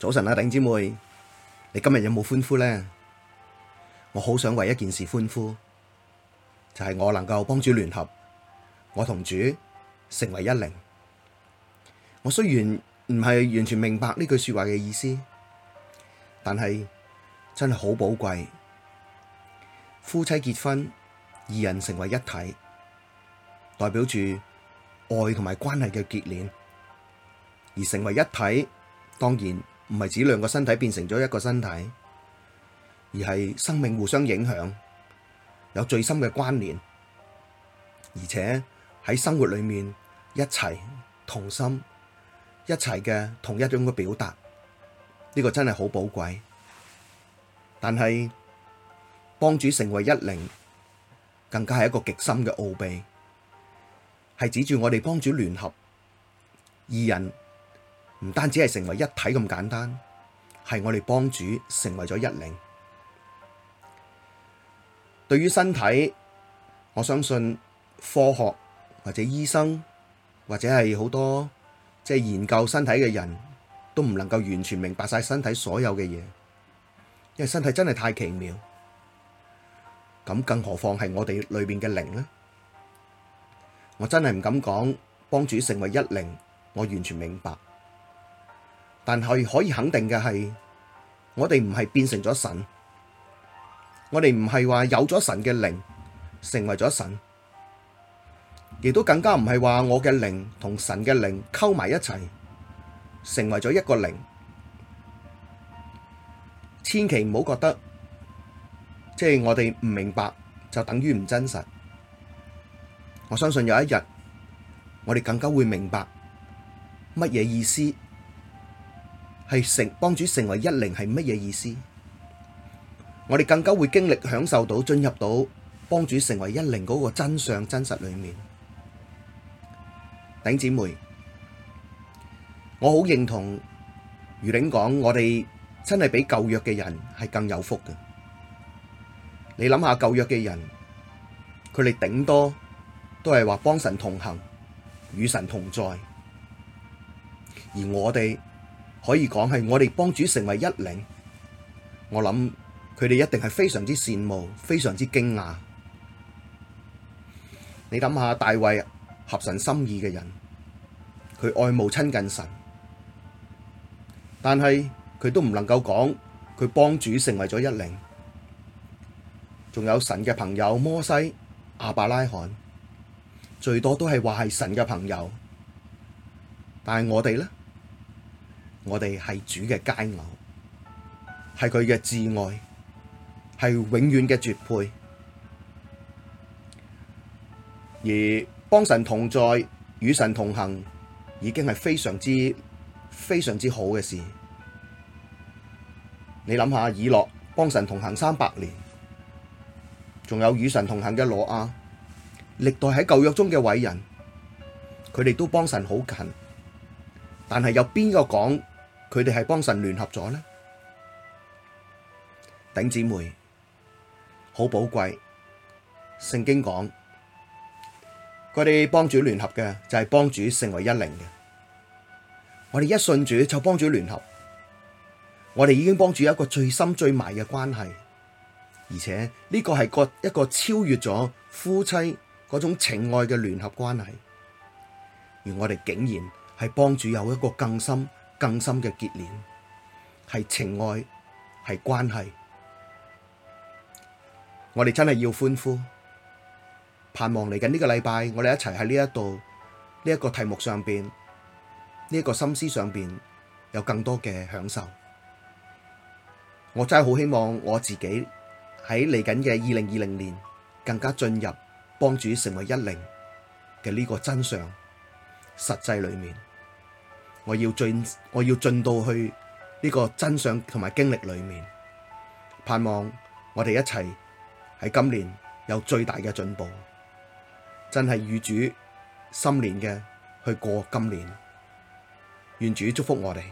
早晨啊，頂姐妹，你今日有冇歡呼呢？我好想為一件事歡呼，就係、是、我能夠幫主聯合，我同主成為一靈。我雖然唔係完全明白呢句說話嘅意思，但係真係好寶貴。夫妻結婚，二人成為一體，代表住愛同埋關係嘅結連，而成為一體，當然。唔係指兩個身體變成咗一個身體，而係生命互相影響，有最深嘅關聯，而且喺生活裏面一齊同心，一齊嘅同一種嘅表達，呢、這個真係好寶貴。但係與主成為一靈，更加係一個極深嘅奧秘，係指住我哋與主聯合二人。唔單止係成為一體咁簡單，係我哋幫主成為咗一靈。對於身體，我相信科學或者醫生或者係好多即係、就是、研究身體嘅人都唔能夠完全明白晒身體所有嘅嘢，因為身體真係太奇妙。咁更何況係我哋裏邊嘅靈呢？我真係唔敢講幫主成為一靈，我完全明白。但係可以肯定嘅係，我哋唔係變成咗神，我哋唔係話有咗神嘅靈成為咗神，亦都更加唔係話我嘅靈同神嘅靈溝埋一齊成為咗一個靈。千祈唔好覺得即係我哋唔明白就等於唔真實。我相信有一日我哋更加會明白乜嘢意思。係成幫主成為一靈係乜嘢意思？我哋更加會經歷享受到進入到幫主成為一靈嗰個真相真實裏面。頂姐妹，我好認同如玲講，我哋真係比舊約嘅人係更有福嘅。你諗下舊約嘅人，佢哋頂多都係話幫神同行，與神同在，而我哋，可以講係我哋幫主成為一靈，我諗佢哋一定係非常之羨慕，非常之驚訝。你諗下，大衛合神心意嘅人，佢愛慕親近神，但係佢都唔能夠講佢幫主成為咗一靈。仲有神嘅朋友摩西、亞伯拉罕，最多都係話係神嘅朋友，但係我哋呢？我哋係主嘅佳偶，係佢嘅摯愛，係永遠嘅絕配。而幫神同在、與神同行，已經係非常之、非常之好嘅事。你諗下，以諾幫神同行三百年，仲有與神同行嘅挪亞，歷代喺舊約中嘅偉人，佢哋都幫神好近。但係有邊個講？佢哋係幫神聯合咗呢？頂姊妹好寶貴。聖經講佢哋幫主聯合嘅就係幫主成為一靈嘅。我哋一信主就幫主聯合，我哋已經幫主有一個最深最埋嘅關係，而且呢個係個一個超越咗夫妻嗰種情愛嘅聯合關係，而我哋竟然係幫主有一個更深。更深嘅結連，係情愛，係關係。我哋真係要歡呼，盼望嚟緊呢個禮拜，我哋一齊喺呢一度，呢一個題目上邊，呢一個心思上邊，有更多嘅享受。我真係好希望我自己喺嚟緊嘅二零二零年，更加進入幫主成為一靈嘅呢個真相實際裏面。我要進，我要進到去呢個真相同埋經歷裏面，盼望我哋一齊喺今年有最大嘅進步，真係與主心連嘅去過今年，願主祝福我哋。